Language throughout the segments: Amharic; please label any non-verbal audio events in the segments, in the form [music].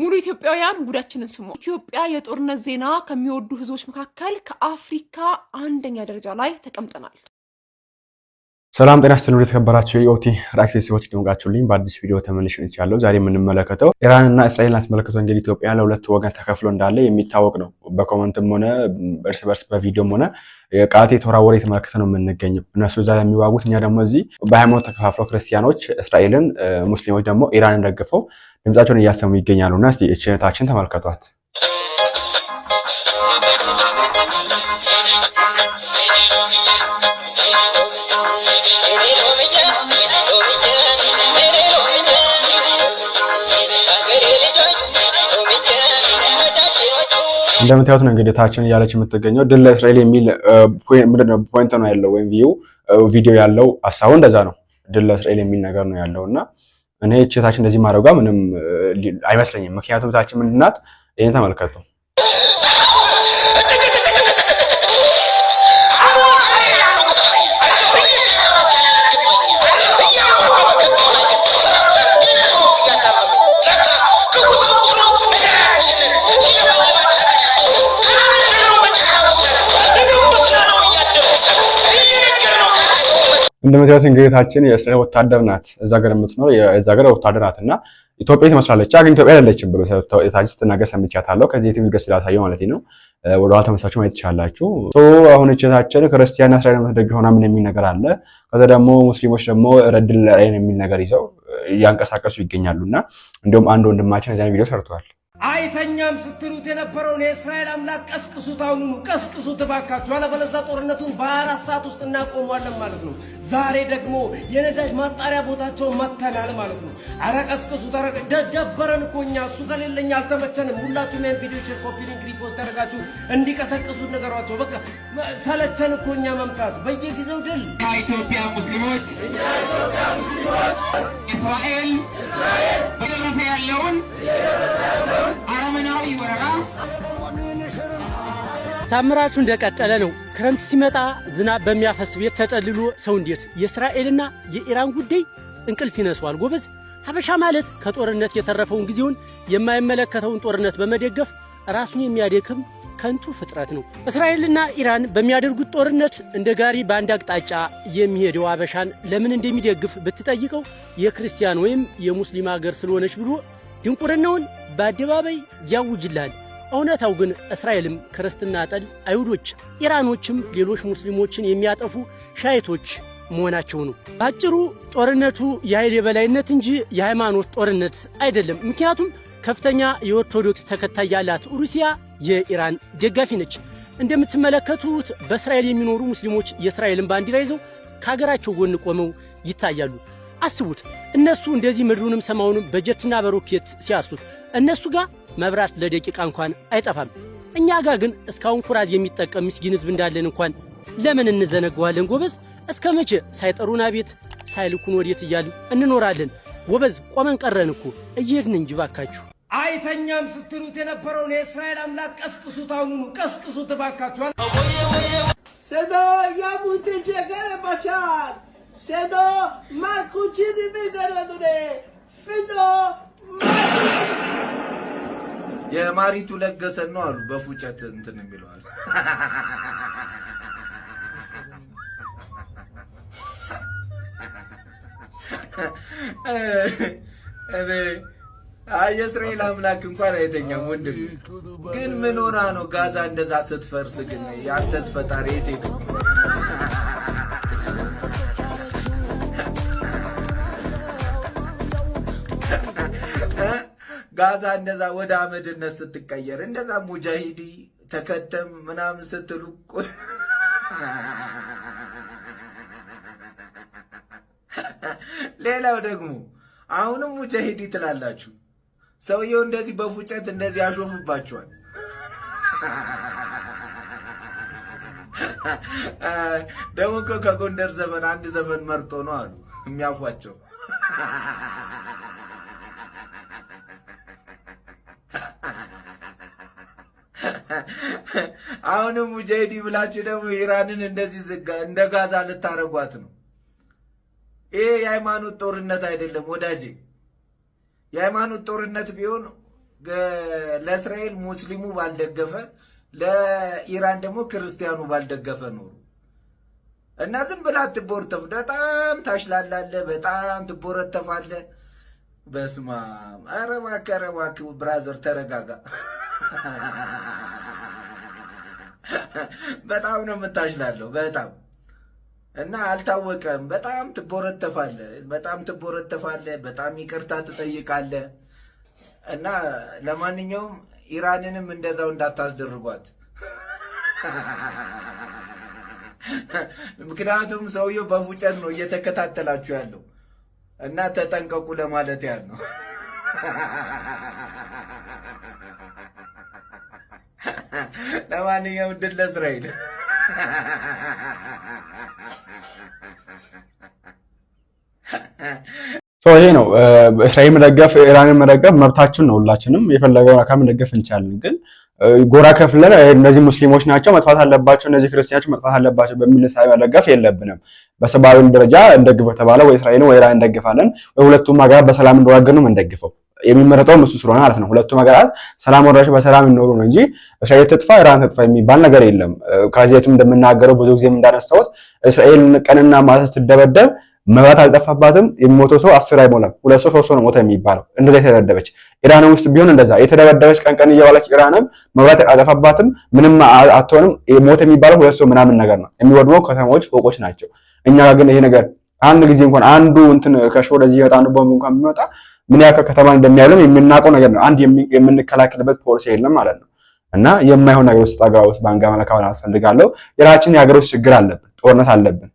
ሙሉ ኢትዮጵያውያን ጉዳችንን ስሙ። ኢትዮጵያ የጦርነት ዜና ከሚወዱ ህዝቦች መካከል ከአፍሪካ አንደኛ ደረጃ ላይ ተቀምጠናል። ሰላም ጤና ወደ የተከበራችሁ የኢኦቲ ራክሴ ሰዎች ደምቃችሁልኝ በአዲስ ቪዲዮ ተመልሼ መጥቻለሁ። ዛሬ የምንመለከተው እና እስራኤልን አስመልክቶ እንግዲህ ኢትዮጵያ ለሁለት ወገን ተከፍሎ እንዳለ የሚታወቅ ነው። በኮመንትም ሆነ እርስ በርስ በቪዲዮም ሆነ ቃላት የተወራወረ የተመለከተ ነው የምንገኘው። እነሱ እዛ የሚዋጉት እኛ ደግሞ እዚህ በሃይማኖት ተከፋፍለው ክርስቲያኖች እስራኤልን፣ ሙስሊሞች ደግሞ ኢራንን ደግፈው ድምጻቸውን እያሰሙ እና እስቲ እህታችን ተመልከቷት። እንደምታዩት ነው እንግዲህ ታችን እያለች የምትገኘው ድል ለእስራኤል የሚል ፖይንት ነው ያለው፣ ወይም ቪዲዮ ያለው ሀሳቡ እንደዛ ነው። ድል ለእስራኤል የሚል ነገር ነው ያለው እና እኔ እህታችን እንደዚህ ማድረጓ ምንም አይመስለኝም። ምክንያቱም እህታችን ምንድናት? ይህን ተመልከቱ። እንደምታዩት እንግዲህ እህታችን የእስራኤል ወታደር ናት። እዛ ሀገር የምትኖር የዛ ሀገር ወታደር ናት እና ኢትዮጵያ ትመስላለች፣ ግን ኢትዮጵያ አይደለችም። ብሎ በመሰረታችን ስትናገር ሰምቻታለሁ። ከዚህ የትም ድረስ ስላሳየው ማለት ነው። ወደ ኋላ ተመሳችሁ ማየት ትችላላችሁ። አሁን እህታችን ክርስቲያንና እስራኤል የምትደግፍ ሆና ምን የሚል ነገር አለ። ከዛ ደግሞ ሙስሊሞች ደግሞ ረድል ላይ የሚል ነገር ይዘው እያንቀሳቀሱ ይገኛሉ። እና እንዲሁም አንድ ወንድማችን እዚያን ቪዲዮ ሰርቷል። አይተኛም ስትሉት የነበረውን የእስራኤል አምላክ ቀስቅሱት፣ አሁኑኑ ቀስቅሱት እባካችሁ፣ አለበለዚያ ጦርነቱን በአራት ሰዓት ውስጥ እናቆሟለን ማለት ነው። ዛሬ ደግሞ የነዳጅ ማጣሪያ ቦታቸውን መተናል ማለት ነው። አረ ቀስቅሱት፣ አረ ደደበረን እኮ እኛ፣ እሱ ከሌለኛ አልተመቸንም። ሁላችሁም ያን ቪዲዮ ሼር፣ ኮፒ ሊንክ፣ ሪፖስት ያደርጋችሁ እንዲቀሰቅሱት ነገሯቸው። በቃ ሰለቸን እኮ እኛ መምታት በየጊዜው ድል ኢትዮጵያ ሙስሊሞች እስራኤል እየደረሰ ያለውን አረመናዊ ወረራ ታምራቹ እንደቀጠለ ነው። ክረምት ሲመጣ ዝናብ በሚያፈስ ቤት ተጠልሎ ሰው እንዴት የእስራኤልና የኢራን ጉዳይ እንቅልፍ ይነሷል ጎበዝ። ሀበሻ ማለት ከጦርነት የተረፈውን ጊዜውን የማይመለከተውን ጦርነት በመደገፍ ራሱን የሚያደክም ከንቱ ፍጥረት ነው። እስራኤልና ኢራን በሚያደርጉት ጦርነት እንደ ጋሪ በአንድ አቅጣጫ የሚሄደው ሀበሻን ለምን እንደሚደግፍ ብትጠይቀው የክርስቲያን ወይም የሙስሊም ሀገር ስለሆነች ብሎ ድንቁርናውን በአደባባይ ያውጅላል። እውነታው ግን እስራኤልም ክርስትና ጠል አይሁዶች፣ ኢራኖችም ሌሎች ሙስሊሞችን የሚያጠፉ ሻይቶች መሆናቸው ነው። በአጭሩ ጦርነቱ የኃይል የበላይነት እንጂ የሃይማኖት ጦርነት አይደለም። ምክንያቱም ከፍተኛ የኦርቶዶክስ ተከታይ ያላት ሩሲያ የኢራን ደጋፊ ነች። እንደምትመለከቱት በእስራኤል የሚኖሩ ሙስሊሞች የእስራኤልን ባንዲራ ይዘው ከሀገራቸው ጎን ቆመው ይታያሉ። አስቡት እነሱ እንደዚህ ምድሩንም ሰማውንም በጀትና በሮኬት ሲያርሱት እነሱ ጋር መብራት ለደቂቃ እንኳን አይጠፋም። እኛ ጋር ግን እስካሁን ኩራዝ የሚጠቀም ምስጊን ህዝብ እንዳለን እንኳን ለምን እንዘነገዋለን? ጎበዝ እስከ መቼ ሳይጠሩን አቤት ሳይልኩን ወዴት እያልን እንኖራለን? ጎበዝ ቆመን ቀረን እኮ እየሄድን እንጂ ባካችሁ። አይተኛም ስትሉት የነበረውን የእስራኤል አምላክ ቀስቅሱት፣ አሁኑኑ ቀስቅሱት ባካችኋል። Siedo, Marcucini Mineradure, ፊዶ የማሪቱ ለገሰን ነው አሉ። በፉጨት እንትን የሚለዋል እኔ የእስራኤል አምላክ እንኳን አይተኛም። ወንድም ግን ምን ሆና ነው ጋዛ እንደዛ ስትፈርስ? ግን ያንተስ ፈጣሪ የት ሄደ? ጋዛ እንደዛ ወደ አመድነት ስትቀየር እንደዛ ሙጃሂዲ ተከተም ምናምን ስትሉ ሌላው ደግሞ አሁንም ሙጃሂዲ ትላላችሁ። ሰውየው እንደዚህ በፉጨት እንደዚህ ያሾፍባችኋል። ደግሞ እኮ ከጎንደር ዘፈን አንድ ዘፈን መርጦ ነው አሉ የሚያፏቸው። [laughs] አሁንም ሙጃሂዲ ብላችሁ ደግሞ ኢራንን እንደዚህ ዝጋ እንደ ጋዛ ልታረጓት ነው። ይሄ የሃይማኖት ጦርነት አይደለም ወዳጄ። የሃይማኖት ጦርነት ቢሆን ለእስራኤል ሙስሊሙ ባልደገፈ፣ ለኢራን ደግሞ ክርስቲያኑ ባልደገፈ ኖሩ እና ዝም ብላ ትቦርተፍ በጣም ታሽላላለ፣ በጣም ትቦረተፋለ። በስማም ኧረ እባክህ ብራዘር ተረጋጋ። [laughs] [laughs] በጣም ነው የምታሽላለሁ። በጣም እና አልታወቀም። በጣም ትቦረተፋለ፣ በጣም ትቦረተፋለ፣ በጣም ይቅርታ ትጠይቃለህ። እና ለማንኛውም ኢራንንም እንደዛው እንዳታስደርጓት። [laughs] ምክንያቱም ሰውየው በፉጨት ነው እየተከታተላችሁ ያለው እና ተጠንቀቁ ለማለት ያል ነው። [laughs] ለማንኛውም ድል ለእስራኤል። ይሄ ነው እስራኤል መደገፍ ኢራንን መደገፍ መብታችን ነው። ሁላችንም የፈለገውን አካል መደገፍ እንቻለን። ግን ጎራ ከፍለን እነዚህ ሙስሊሞች ናቸው መጥፋት አለባቸው፣ እነዚህ ክርስቲያኖች መጥፋት አለባቸው በሚል ሳይ መደገፍ የለብንም። በሰብአዊ ደረጃ እንደግፈው የተባለ ወይ እስራኤልን ወይ ኢራን እንደግፋለን፣ ወይ ሁለቱም ሀገራት በሰላም እንደዋገኑ እንደግፈው የሚመረጠው እሱ ስለሆነ ማለት ነው። ሁለቱም ሀገራት ሰላም ወራሽ በሰላም ይኖሩ ነው እንጂ እስራኤል ትጥፋ ኢራን ትጥፋ የሚባል ነገር የለም። ከዚህ እንደምናገረው ብዙ ጊዜም እንዳነሳሁት እስራኤል ቀንና ማታ ስትደበደብ መብራት አልጠፋባትም። የሚሞተው ሰው አስር አይሞላም፣ ሁለት ሰው ሶስት ሰው ነው ሞተ የሚባለው እንደዛ የተደበደበች ኢራን ውስጥ ቢሆን እንደዛ የተደበደበች ቀን ቀን እየዋለች ኢራንም መብራት አልጠፋባትም፣ ምንም አትሆንም። ሞተ የሚባለው ሁለት ሰው ምናምን ነገር ነው። የሚወድመው ከተሞች ፎቆች ናቸው። እኛ ግን ይሄ ነገር አንድ ጊዜ እንኳን አንዱ እንትን ከሾ ወደዚህ ይወጣ አንዱ ቦምብ እንኳን ቢመጣ ምን ያክል ከተማን እንደሚያለም የምናውቀው ነገር ነው። አንድ የምንከላከልበት ፖሊሲ የለም ማለት ነው። እና የማይሆን ነገር ውስጥ አገባ ውስጥ ባንጋ መለካውን አልፈልጋለሁ። የራችን የሀገር ውስጥ ችግር አለብን፣ ጦርነት አለብን።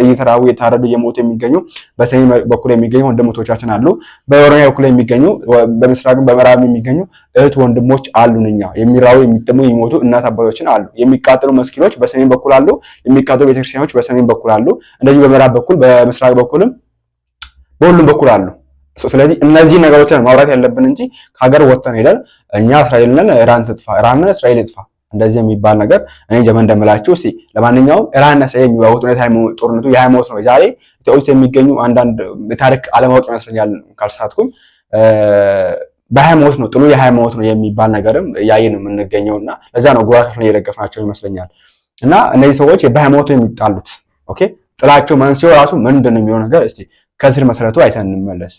እየተራቡ እየታረዱ እየሞቱ የሚገኙ በሰሜን በኩል የሚገኙ ወንድሞቻችን አሉ፣ በኦሮሚያ በኩል የሚገኙ በምስራቅም በምዕራብ የሚገኙ እህት ወንድሞች አሉን። እኛ የሚራቡ የሚጠሙ የሚሞቱ እናት አባቶችን አሉ። የሚቃጠሉ መስኪኖች በሰሜን በኩል አሉ፣ የሚቃጠሉ ቤተክርስቲያኖች በሰሜን በኩል አሉ። እንደዚህ በምዕራብ በኩል በምስራቅ በኩልም በሁሉም በኩል አሉ። ስለዚህ እነዚህ ነገሮችን ማውራት ያለብን እንጂ ከሀገር ወጥተን ሄደን እኛ እስራኤል ነን ኢራን ትጥፋ፣ ኢራን ነን እስራኤል ትጥፋ እንደዚህ የሚባል ነገር እኔ ጀመን እንደምላችሁ እስቲ ለማንኛውም ኢራንና እስራኤል የሚዋጉት ሁኔታ ጦርነቱ የሃይማኖት ነው። ዛሬ ኢትዮጵያ ውስጥ የሚገኙ አንዳንድ የታሪክ አለማወቅ ይመስለኛል ካልሳትኩም በሃይማኖት ነው ጥሉ የሃይማኖት ነው የሚባል ነገርም እያየን ነው የምንገኘው እና ለዛ ነው ጉራቶች እየደገፍናቸው ይመስለኛል እና እነዚህ ሰዎች በሃይማኖቱ የሚጣሉት ኦኬ ጥላቸው መንስኤው ራሱ ምንድን ነው የሚሆነው ነገር እስቲ ከስር መሰረቱ አይተን እንመለስ።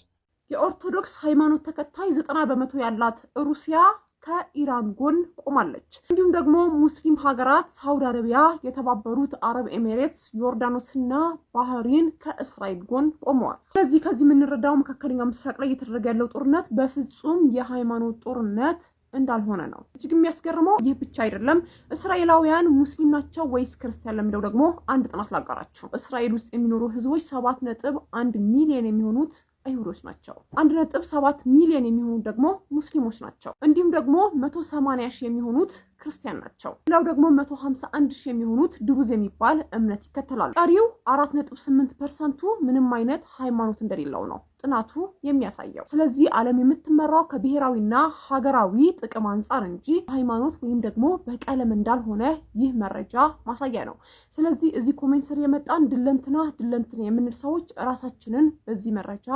የኦርቶዶክስ ሃይማኖት ተከታይ ዘጠና በመቶ ያላት ሩሲያ ከኢራን ጎን ቆማለች። እንዲሁም ደግሞ ሙስሊም ሀገራት ሳውዲ አረቢያ፣ የተባበሩት አረብ ኤሜሬትስ፣ ዮርዳኖስና ባህሪን ከእስራኤል ጎን ቆመዋል። ስለዚህ ከዚህ የምንረዳው መካከለኛው ምስራቅ ላይ እየተደረገ ያለው ጦርነት በፍጹም የሃይማኖት ጦርነት እንዳልሆነ ነው። እጅግ የሚያስገርመው ይህ ብቻ አይደለም። እስራኤላውያን ሙስሊም ናቸው ወይስ ክርስቲያን ለሚለው ደግሞ አንድ ጥናት ላጋራችሁ። እስራኤል ውስጥ የሚኖሩ ህዝቦች ሰባት ነጥብ አንድ ሚሊዮን የሚሆኑት አይሁዶች ናቸው። አንድ ነጥብ ሰባት ሚሊዮን የሚሆኑት ደግሞ ሙስሊሞች ናቸው። እንዲሁም ደግሞ መቶ ሰማንያ ሺህ የሚሆኑት ክርስቲያን ናቸው። ሌላው ደግሞ መቶ ሀምሳ አንድ ሺህ የሚሆኑት ድሩዝ የሚባል እምነት ይከተላሉ። ቀሪው አራት ነጥብ ስምንት ፐርሰንቱ ምንም አይነት ሃይማኖት እንደሌለው ነው ጥናቱ የሚያሳየው። ስለዚህ ዓለም የምትመራው ከብሔራዊና ሀገራዊ ጥቅም አንጻር እንጂ ሃይማኖት ወይም ደግሞ በቀለም እንዳልሆነ ይህ መረጃ ማሳያ ነው። ስለዚህ እዚህ ኮሜንት ስር የመጣን ድለንትና ድለንትን የምንል ሰዎች ራሳችንን በዚህ መረጃ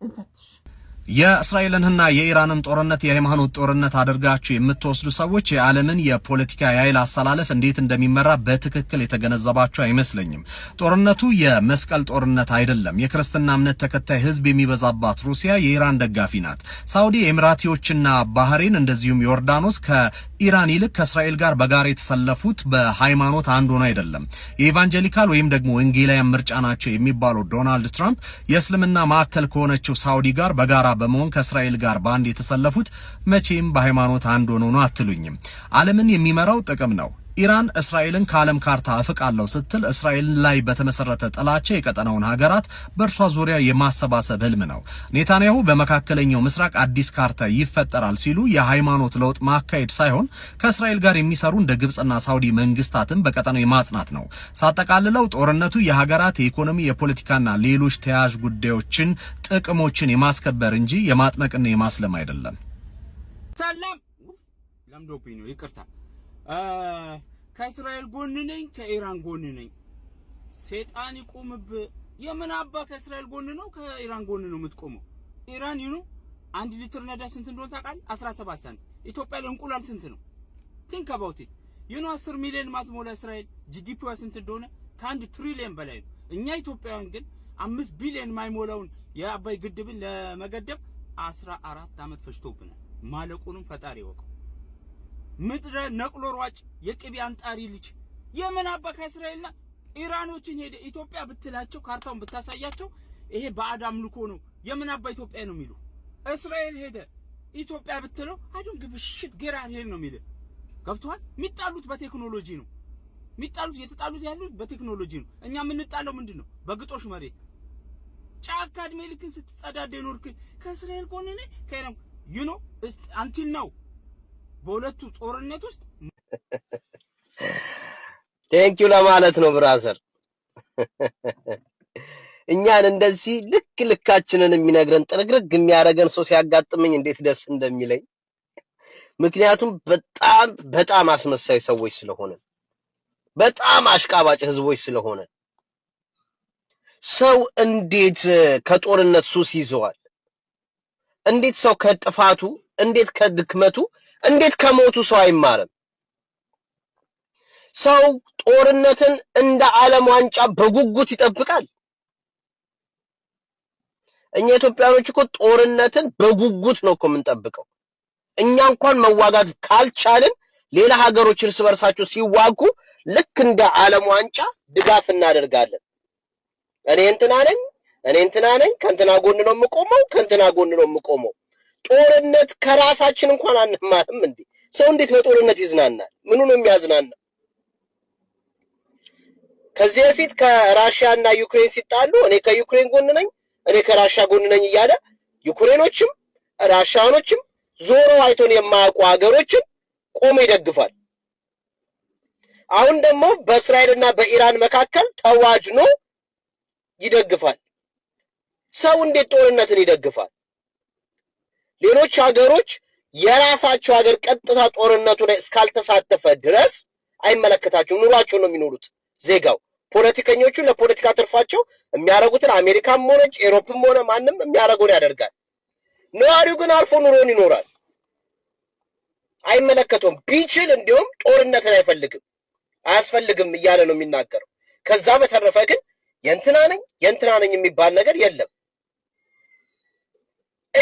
müfettiş. የእስራኤልንና የኢራንን ጦርነት የሃይማኖት ጦርነት አድርጋችሁ የምትወስዱ ሰዎች የዓለምን የፖለቲካ የኃይል አሰላለፍ እንዴት እንደሚመራ በትክክል የተገነዘባችሁ አይመስለኝም። ጦርነቱ የመስቀል ጦርነት አይደለም። የክርስትና እምነት ተከታይ ሕዝብ የሚበዛባት ሩሲያ የኢራን ደጋፊ ናት። ሳውዲ፣ ኤሚራቲዎችና ባህሬን እንደዚሁም ዮርዳኖስ ከኢራን ይልቅ ከእስራኤል ጋር በጋር የተሰለፉት በሃይማኖት አንድ ሆነ አይደለም። የኢቫንጀሊካል ወይም ደግሞ ወንጌላውያን ምርጫ ናቸው የሚባለው ዶናልድ ትራምፕ የእስልምና ማዕከል ከሆነችው ሳውዲ ጋር በጋራ በመሆን ከእስራኤል ጋር በአንድ የተሰለፉት መቼም በሃይማኖት አንድ ሆኖ ነው አትሉኝም። ዓለምን የሚመራው ጥቅም ነው። ኢራን እስራኤልን ከዓለም ካርታ አለው ስትል እስራኤል ላይ በተመሰረተ ጥላቻ የቀጠናውን ሀገራት በእርሷ ዙሪያ የማሰባሰብ ህልም ነው። ኔታንያሁ በመካከለኛው ምስራቅ አዲስ ካርታ ይፈጠራል ሲሉ የሃይማኖት ለውጥ ማካሄድ ሳይሆን ከእስራኤል ጋር የሚሰሩ እንደ ግብፅና ሳውዲ መንግስታትን በቀጠናው የማጽናት ነው። ሳጠቃልለው ጦርነቱ የሀገራት የኢኮኖሚ፣ የፖለቲካና ሌሎች ተያያዥ ጉዳዮችን ጥቅሞችን የማስከበር እንጂ የማጥመቅና የማስለም አይደለም። ከእስራኤል ጎን ነኝ፣ ከኢራን ጎን ነኝ። ሴጣን ይቁምብ። የምን አባ ከእስራኤል ጎን ነው ከኢራን ጎን ነው የምትቆመው? ኢራን ይኑ አንድ ሊትር ነዳጅ ስንት እንደሆነ ታውቃለህ? 17 ሳንቲም። ኢትዮጵያ ላይ እንቁላል ስንት ነው? ቲንክ አባውት ኢት ይኑ 10 ሚሊዮን ማትሞላ እስራኤል ጂዲፒዋ ስንት እንደሆነ ከአንድ ትሪሊየን በላይ ነው። እኛ ኢትዮጵያውያን ግን አምስት ቢሊዮን የማይሞላውን የአባይ ግድብን ለመገደብ 14 ዓመት ፈጅቶብናል። ማለቁንም ፈጣሪ ይወቀው። ምድረ ነቅሎ ሯጭ የቅቤ አንጣሪ ልጅ የምን አባ ከእስራኤልና ኢራኖችን ሄደ ኢትዮጵያ ብትላቸው ካርታውን ብታሳያቸው ይሄ ባዕድ አምልኮ ነው፣ የምን አባ ኢትዮጵያ ነው የሚሉ። እስራኤል ሄደ ኢትዮጵያ ብትለው አዱን ግብሽት ጌራ ሄድ ነው የሚል ገብቷል። የሚጣሉት በቴክኖሎጂ ነው የሚጣሉት የተጣሉት ያሉት በቴክኖሎጂ ነው። እኛ የምንጣለው ምንድን ነው? በግጦሽ መሬት ጫካ እድሜ ልክን ስትጸዳደ ኖርክ። ከእስራኤል ከሆነ ከይረም ዩኖ አንቲል ነው በሁለቱ ጦርነት ውስጥ ቴንኪው ለማለት ነው ብራዘር። እኛን እንደዚህ ልክ ልካችንን የሚነግረን ጥርግርግ የሚያደርገን ሰው ሲያጋጥመኝ እንዴት ደስ እንደሚለኝ ምክንያቱም በጣም በጣም አስመሳይ ሰዎች ስለሆነ በጣም አሽቃባጭ ህዝቦች ስለሆነ ሰው እንዴት ከጦርነት ሱስ ይዘዋል? እንዴት ሰው ከጥፋቱ እንዴት ከድክመቱ እንዴት ከሞቱ ሰው አይማርም? ሰው ጦርነትን እንደ ዓለም ዋንጫ በጉጉት ይጠብቃል። እኛ ኢትዮጵያኖች እኮ ጦርነትን በጉጉት ነው እኮ የምንጠብቀው። እኛ እንኳን መዋጋት ካልቻልን ሌላ ሀገሮች እርስ በርሳቸው ሲዋጉ ልክ እንደ ዓለም ዋንጫ ድጋፍ እናደርጋለን። እኔ እንትና ነኝ፣ እኔ እንትና ነኝ፣ ከእንትና ጎን ነው የምቆመው፣ ከእንትና ጎን ነው የምቆመው። ጦርነት ከራሳችን እንኳን አንማርም እንዴ? ሰው እንዴት በጦርነት ይዝናናል? ምኑ ነው የሚያዝናናው? ከዚህ በፊት ከራሽያ እና ዩክሬን ሲጣሉ እኔ ከዩክሬን ጎን ነኝ፣ እኔ ከራሽያ ጎን ነኝ እያለ ዩክሬኖችም ራሽያኖችም ዞሮ አይቶን የማያውቁ ሀገሮችን ቆሞ ይደግፋል። አሁን ደግሞ በእስራኤል እና በኢራን መካከል ተዋጅኖ ይደግፋል። ሰው እንዴት ጦርነትን ይደግፋል? ሌሎች ሀገሮች የራሳቸው ሀገር ቀጥታ ጦርነቱ ላይ እስካልተሳተፈ ድረስ አይመለከታቸውም። ኑሯቸው ነው የሚኖሩት ዜጋው። ፖለቲከኞቹ ለፖለቲካ ትርፋቸው የሚያደርጉትን አሜሪካም ሆነች ኤሮፕም ሆነ ማንም የሚያደርገውን ያደርጋል። ነዋሪው ግን አልፎ ኑሮን ይኖራል። አይመለከተውም። ቢችል እንዲሁም ጦርነትን አይፈልግም አያስፈልግም እያለ ነው የሚናገረው። ከዛ በተረፈ ግን የእንትና ነኝ የእንትና ነኝ የሚባል ነገር የለም።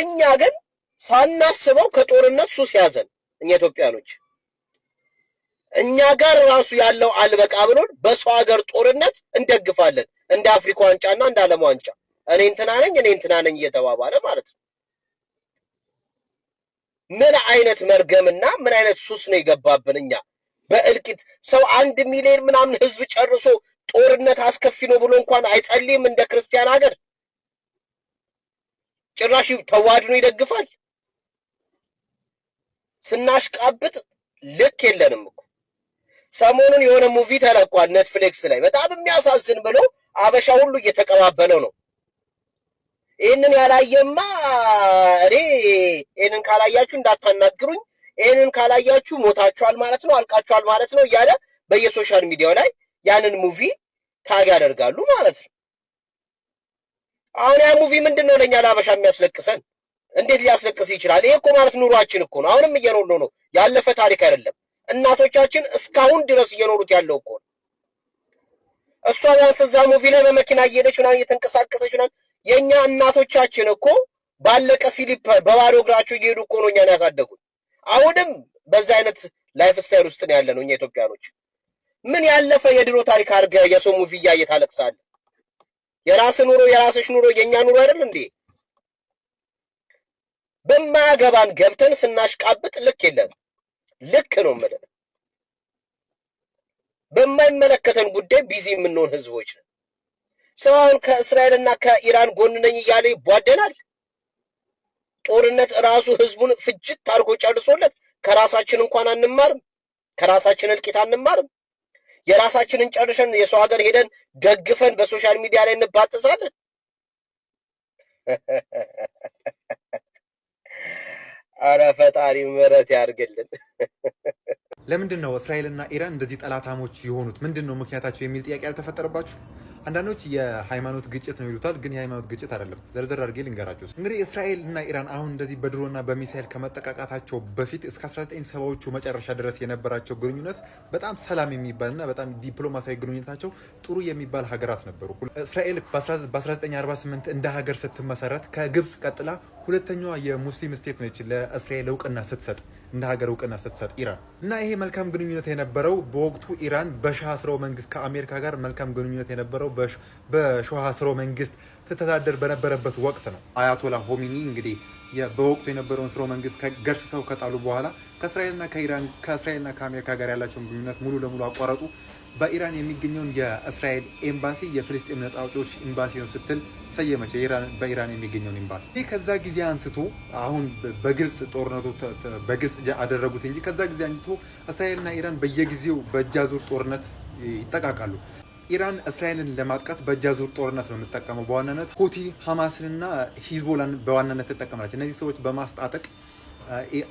እኛ ግን ሳናስበው ከጦርነት ሱስ ያዘን እኛ ኢትዮጵያኖች። እኛ ጋር ራሱ ያለው አልበቃ ብሎን በሰው ሀገር ጦርነት እንደግፋለን እንደ አፍሪካ ዋንጫና እንደ ዓለም ዋንጫ እኔ እንትና ነኝ እኔ እንትና ነኝ እየተባባለ ማለት ነው። ምን አይነት መርገምና ምን አይነት ሱስ ነው የገባብን እኛ በእልቂት ሰው አንድ ሚሊዮን ምናምን ህዝብ ጨርሶ ጦርነት አስከፊ ነው ብሎ እንኳን አይጸልይም። እንደ ክርስቲያን ሀገር ጭራሽ ተዋድኖ ይደግፋል። ስናሽቃብጥ ልክ የለንም እኮ ሰሞኑን የሆነ ሙቪ ተለቋል ኔትፍሊክስ ላይ በጣም የሚያሳዝን ብሎ አበሻ ሁሉ እየተቀባበለው ነው። ይህንን ያላየማ እኔ ይህንን ካላያችሁ እንዳታናግሩኝ፣ ይህንን ካላያችሁ ሞታችኋል ማለት ነው፣ አልቃችኋል ማለት ነው እያለ በየሶሻል ሚዲያው ላይ ያንን ሙቪ ታግ ያደርጋሉ ማለት ነው። አሁን ያ ሙቪ ምንድን ነው ለእኛ ለአበሻ የሚያስለቅሰን? እንዴት ሊያስለቅስ ይችላል? ይሄ እኮ ማለት ኑሯችን እኮ ነው። አሁንም እየኖር ነው። ያለፈ ታሪክ አይደለም። እናቶቻችን እስካሁን ድረስ እየኖሩት ያለው እኮ ነው። እሷ ቢያንስ እዛ ሙቪ ላይ በመኪና እየሄደች ምናምን እየተንቀሳቀሰች ምናምን፣ የእኛ እናቶቻችን እኮ ባለቀ ሲሊፐር በባዶ እግራቸው እየሄዱ እኮ ነው እኛን ያሳደጉት። አሁንም በዛ አይነት ላይፍ ስታይል ውስጥ ነው ያለ ነው እኛ ኢትዮጵያኖች። ምን ያለፈ የድሮ ታሪክ አድርገህ የሰው ሙቪ እያየ ታለቅሳለህ? ኑሮ የራስሽ ኑሮ የእኛ ኑሮ አይደል እንዴ? በማያገባን ገብተን ስናሽቃብጥ ልክ የለም። ልክ ነው የምልህ። በማይመለከተን ጉዳይ ቢዚ የምንሆን ህዝቦች ነው። ሰው አሁን ከእስራኤልና ከኢራን ጎን ነኝ እያለ ይቧደናል። ጦርነት ራሱ ህዝቡን ፍጅት አድርጎ ጨርሶለት ከራሳችን እንኳን አንማርም፣ ከራሳችን እልቂት አንማርም። የራሳችንን ጨርሰን የሰው ሀገር ሄደን ደግፈን በሶሻል ሚዲያ ላይ እንባጥሳለን። [laughs] አረ ፈጣሪ ምሕረት ያርግልን። ለምንድን ነው እስራኤልና ኢራን እንደዚህ ጠላታሞች የሆኑት? ምንድን ነው ምክንያታቸው የሚል ጥያቄ ያልተፈጠረባችሁ አንዳንዶች የሃይማኖት ግጭት ነው ይሉታል፣ ግን የሃይማኖት ግጭት አይደለም። ዘርዘር አድርጌ ልንገራቸው። እንግዲህ እስራኤል እና ኢራን አሁን እንደዚህ በድሮና በሚሳኤል ከመጠቃቃታቸው በፊት እስከ 1970ዎቹ መጨረሻ ድረስ የነበራቸው ግንኙነት በጣም ሰላም የሚባልና በጣም ዲፕሎማሲያዊ ግንኙነታቸው ጥሩ የሚባል ሀገራት ነበሩ። እስራኤል በ1948 እንደ ሀገር ስትመሰረት ከግብፅ ቀጥላ ሁለተኛዋ የሙስሊም ስቴት ነች ለእስራኤል እውቅና ስትሰጥ እንደ ሀገር እውቅና ስትሰጥ ኢራን እና ይሄ መልካም ግንኙነት የነበረው በወቅቱ ኢራን በሻህ ስርወ መንግስት ከአሜሪካ ጋር መልካም ግንኙነት የነበረው በሾሃ ስርወ መንግስት ትተዳደር በነበረበት ወቅት ነው። አያቶላ ሆሚኒ እንግዲህ በወቅቱ የነበረውን ስርወ መንግስት ገርስሰው ከጣሉ በኋላ ከእስራኤልና ከኢራን ከእስራኤልና ከአሜሪካ ጋር ያላቸውን ግንኙነት ሙሉ ለሙሉ አቋረጡ። በኢራን የሚገኘውን የእስራኤል ኤምባሲ የፍልስጤም ነጻ አውጪዎች ኤምባሲ ነው ስትል ሰየመች፣ በኢራን የሚገኘውን ኤምባሲ። ይህ ከዛ ጊዜ አንስቶ አሁን በግልጽ ጦርነቱ በግልጽ አደረጉት እንጂ ከዛ ጊዜ አንስቶ እስራኤልና ኢራን በየጊዜው በእጅ አዙር ጦርነት ይጠቃቃሉ። ኢራን እስራኤልን ለማጥቃት በእጅ አዙር ጦርነት ነው የምትጠቀመው። በዋናነት ሁቲ ሐማስንና ሂዝቦላን በዋናነት ትጠቀማለች። እነዚህ ሰዎች በማስጣጠቅ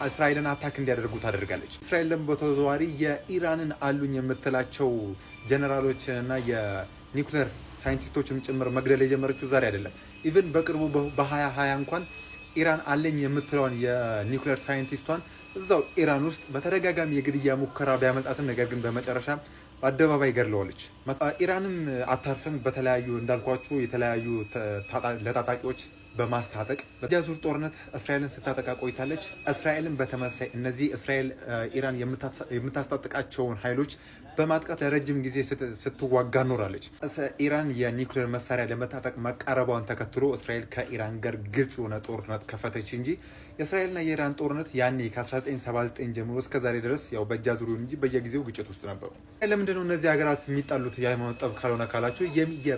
እስራኤልን አታክ እንዲያደርጉ ታደርጋለች። እስራኤል ደግሞ በተዘዋዋሪ የኢራንን አሉኝ የምትላቸው ጀነራሎችንና የኒውክሌር ሳይንቲስቶችም ጭምር መግደል የጀመረችው ዛሬ አይደለም። ኢቨን በቅርቡ በሀያ ሀያ እንኳን ኢራን አለኝ የምትለውን የኒውክሌር ሳይንቲስቷን እዛው ኢራን ውስጥ በተደጋጋሚ የግድያ ሙከራ ቢያመጣትም ነገር ግን በመጨረሻ በአደባባይ ገድለዋለች። ኢራንን አታፍም በተለያዩ እንዳልኳችሁ የተለያዩ ለታጣቂዎች በማስታጠቅ በዚያ ዙር ጦርነት እስራኤልን ስታጠቃ ቆይታለች። እስራኤልን በተመሳይ እነዚህ እስራኤል ኢራን የምታስታጥቃቸውን ኃይሎች በማጥቃት ለረጅም ጊዜ ስትዋጋ ኖራለች። ኢራን የኒውክሌር መሳሪያ ለመታጠቅ መቃረቧን ተከትሎ እስራኤል ከኢራን ጋር ግልጽ የሆነ ጦርነት ከፈተች እንጂ የእስራኤልና የኢራን ጦርነት ያኔ ከ1979 ጀምሮ እስከ ዛሬ ድረስ ያው በእጃ ዙሪውን እንጂ በየጊዜው ግጭት ውስጥ ነበሩ። ለምንድነው እነዚህ ሀገራት የሚጣሉት የሃይማኖት ጠብ ካልሆነ ካላቸው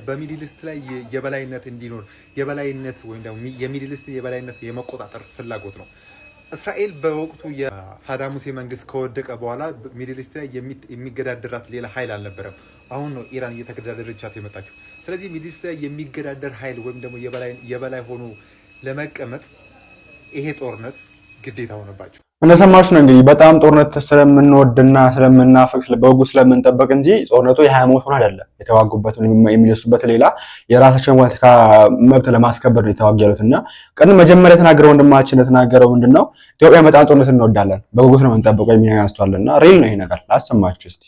በሚድልስት ላይ የበላይነት እንዲኖር የበላይነት ወይም ደግሞ የበላይነት የመቆጣጠር ፍላጎት ነው። እስራኤል በወቅቱ የሳዳም ሁሴን መንግስት ከወደቀ በኋላ ሚድልስት ላይ የሚገዳደራት ሌላ ሀይል አልነበረም። አሁን ነው ኢራን እየተገዳደረቻት የመጣችው። ስለዚህ ሚድልስት ላይ የሚገዳደር ሀይል ወይም ደግሞ የበላይ ሆኖ ለመቀመጥ ይሄ ጦርነት ግዴታ ሆነባቸው። እንደሰማችሁ ነው እንግዲህ በጣም ጦርነት ስለምንወድና ስለምናፈቅ በወጉ ስለምንጠበቅ እንጂ ጦርነቱ የሃይማኖት ሞት ሆን አይደለም የተዋጉበትን የሚደርሱበት ሌላ የራሳቸውን ፖለቲካ መብት ለማስከበር ነው የተዋጉ ያሉት እና ቀን መጀመሪያ የተናገረው ወንድማችን እንደተናገረው ምንድን ነው ኢትዮጵያ በጣም ጦርነት እንወዳለን በጉጉት ነው የምንጠብቀው የሚያስተዋለን እና ሪል ነው ይሄ ነገር ላሰማችሁ እስኪ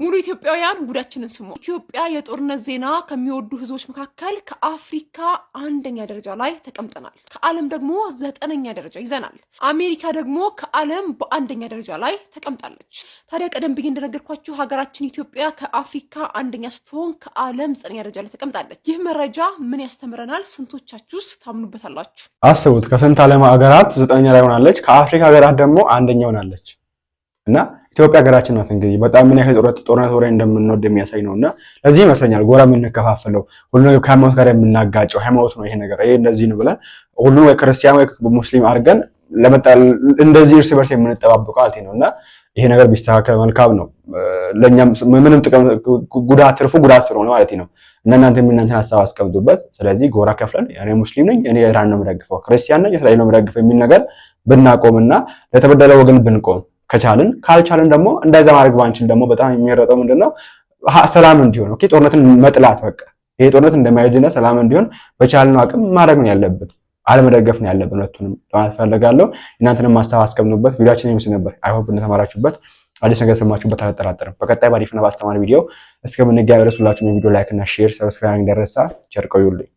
ሙሉ ኢትዮጵያውያን ጉዳችንን ስሙ። ኢትዮጵያ የጦርነት ዜና ከሚወዱ ህዝቦች መካከል ከአፍሪካ አንደኛ ደረጃ ላይ ተቀምጠናል። ከዓለም ደግሞ ዘጠነኛ ደረጃ ይዘናል። አሜሪካ ደግሞ ከዓለም በአንደኛ ደረጃ ላይ ተቀምጣለች። ታዲያ ቀደም ብዬ እንደነገርኳችሁ ሀገራችን ኢትዮጵያ ከአፍሪካ አንደኛ ስትሆን ከዓለም ዘጠነኛ ደረጃ ላይ ተቀምጣለች። ይህ መረጃ ምን ያስተምረናል? ስንቶቻችሁስ ታምኑበታላችሁ? አስቡት፣ ከስንት ዓለም ሀገራት ዘጠነኛ ላይ ሆናለች። ከአፍሪካ ሀገራት ደግሞ አንደኛ ሆናለች እና ኢትዮጵያ ሀገራችን ናት እንግዲህ በጣም ምን ያህል ጦርነት ጦርነት ወሬ እንደምንወድ የሚያሳይ ነው። እና ለዚህ ይመስለኛል ጎራ የምንከፋፍለው ሁሉ ነገር ከሃይማኖት ጋር የምናጋጨው ሃይማኖት ነው ይሄ ነገር ይሄ እንደዚህ ነው ብለን ሁሉን ወይ ክርስቲያን ወይ ሙስሊም አድርገን ለመጣል እንደዚህ እርስ በርስ የምንጠባበቀው አልቴ ነው እና ይሄ ነገር ቢስተካከል መልካም ነው። ለእኛም ምንም ጥቅም ጉዳት ትርፉ ጉዳት ስለሆነ ማለት ነው። እና እናንተ የምናንተን ሀሳብ አስቀምጡበት። ስለዚህ ጎራ ከፍለን እኔ ሙስሊም ነኝ እኔ ኢራን ነው የምደግፈው፣ ክርስቲያን ነኝ እስራኤል ነው የምደግፈው የሚል ነገር ብናቆምና ለተበደለ ወገን ብንቆም ከቻልን ካልቻልን ደግሞ እንደዛ ማድረግ ባንችል ደግሞ በጣም የሚረጠው ምንድነው ሰላም እንዲሆን ኦኬ፣ ጦርነትን መጥላት በቃ ይሄ ጦርነት እንደማይጅና ሰላም እንዲሆን በቻልነው አቅም ማድረግ ነው ያለብን፣ አለመደገፍ ነው ያለብን። ሁለቱንም ለማለት ፈልጋለሁ። እናንተንም ማስተዋል አስቀምጡበት። ቪዲዮችን ይመስል ነበር። አይ ሆፕ እንደተማራችሁበት አዲስ ነገር ሰማችሁበት አልጠራጠርም። በቀጣይ በአሪፍና በአስተማሪ ቪዲዮ እስከምንገናኝ ድረስ ሁላችሁም የቪዲዮ ላይክ እና ሼር፣ ሰብስክራይብ እንደረሳ ቸር ቆዩልኝ።